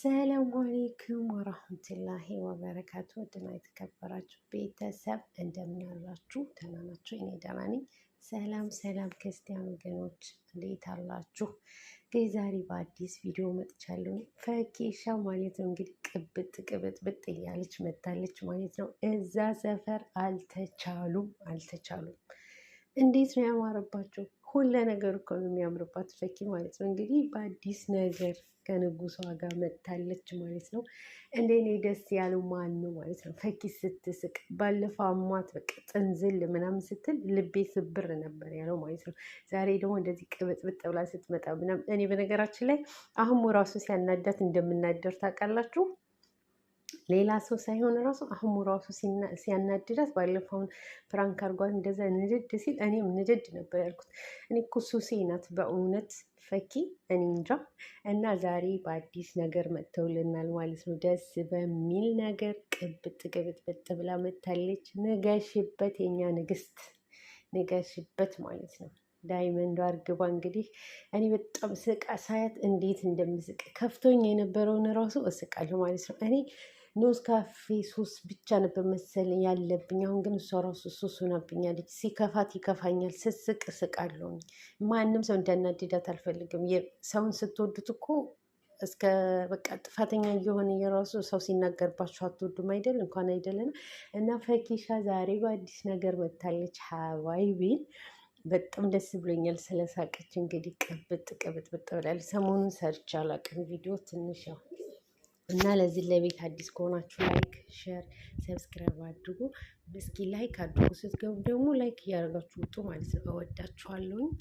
ሰላም አሌይኩም ወራህመቱላሂ ወበረካቱ ድና የተከበራችሁ ቤተሰብ እንደምን አላችሁ? ደህና ናችሁ? እኔ ደህና ነኝ። ሰላም ሰላም ክርስቲያን ወገኖች እንዴት አላችሁ? እንግዲህ ዛሬ በአዲስ ቪዲዮ መጥቻለሁ። ፈኬሻ ማለት ነው እንግዲህ ቅብጥ ቅብጥብጥ እያለች መታለች ማለት ነው። እዛ ሰፈር አልተቻሉም አልተቻሉም። እንዴት ነው ያማረባቸው ሁለ ነገሩ እኮ ነው የሚያምርባት ፈኪ ማለት ነው። እንግዲህ በአዲስ ነገር ከንጉሷ ጋር መጥታለች ማለት ነው። እንደኔ ደስ ያለው ማን ነው ማለት ነው። ፈኪ ስትስቅ ባለፈው አሟት በቃ ጥንዝል ምናምን ስትል ልቤ ስብር ነበር ያለው ማለት ነው። ዛሬ ደግሞ እንደዚህ ቅብጥብጥ ብላ ስትመጣ ምናምን እኔ በነገራችን ላይ አሁን ራሱ ሲያናዳት እንደምናደር ታውቃላችሁ። ሌላ ሰው ሳይሆን ራሱ አህሙ ራሱ ሲያናድዳት ባለፈውን ፕራንክ አርጓት እንደዛ ንድድ ሲል እኔም ንድድ ነበር ያልኩት። እኔ እኮ ሱሴ ናት በእውነት ፈኪ፣ እኔ እንጃ። እና ዛሬ በአዲስ ነገር መጥተውልናል ማለት ነው። ደስ በሚል ነገር ቅብጥ ቅብጥብጥ ብላ መታለች። ንገሽበት፣ የኛ ንግስት ንገሽበት ማለት ነው። ዳይመንዱ አርግባ እንግዲህ እኔ በጣም ስቃ ሳያት እንዴት እንደምስቅ ከፍቶኝ የነበረውን ራሱ እስቃለሁ ማለት ነው እኔ ኖዝ ካፌ ሱስ ብቻ ነበር መሰለኝ ያለብኝ። አሁን ግን እሷ ራሱ ሱስ ሆናብኛለች። ሲከፋት ይከፋኛል፣ ስስቅ እስቃለሁ። ማንም ሰው እንዳናድዳት አልፈልግም። ሰውን ስትወዱት እኮ እስከ በቃ ጥፋተኛ እየሆነ የራሱ ሰው ሲናገርባቸው አትወዱም አይደል? እንኳን አይደለና እና ፈኪሻ ዛሬ በአዲስ ነገር መታለች። ሀዋይ ቤን በጣም ደስ ብሎኛል ስለሳቀች። እንግዲህ ቅብጥ ቅብጥ ብጥ ብላለች። ሰሞኑን ሰርች አላውቅም ቪዲዮ ትንሽ ያው እና ለዚህ ለቤት አዲስ ከሆናችሁ ላይክ፣ ሼር፣ ሰብስክራይብ አድርጉ። እስኪ ላይክ አድርጉ። ስትገቡ ደግሞ ላይክ እያደረጋችሁ ውጡ ማለት ነው። እወዳችኋለሁኝ።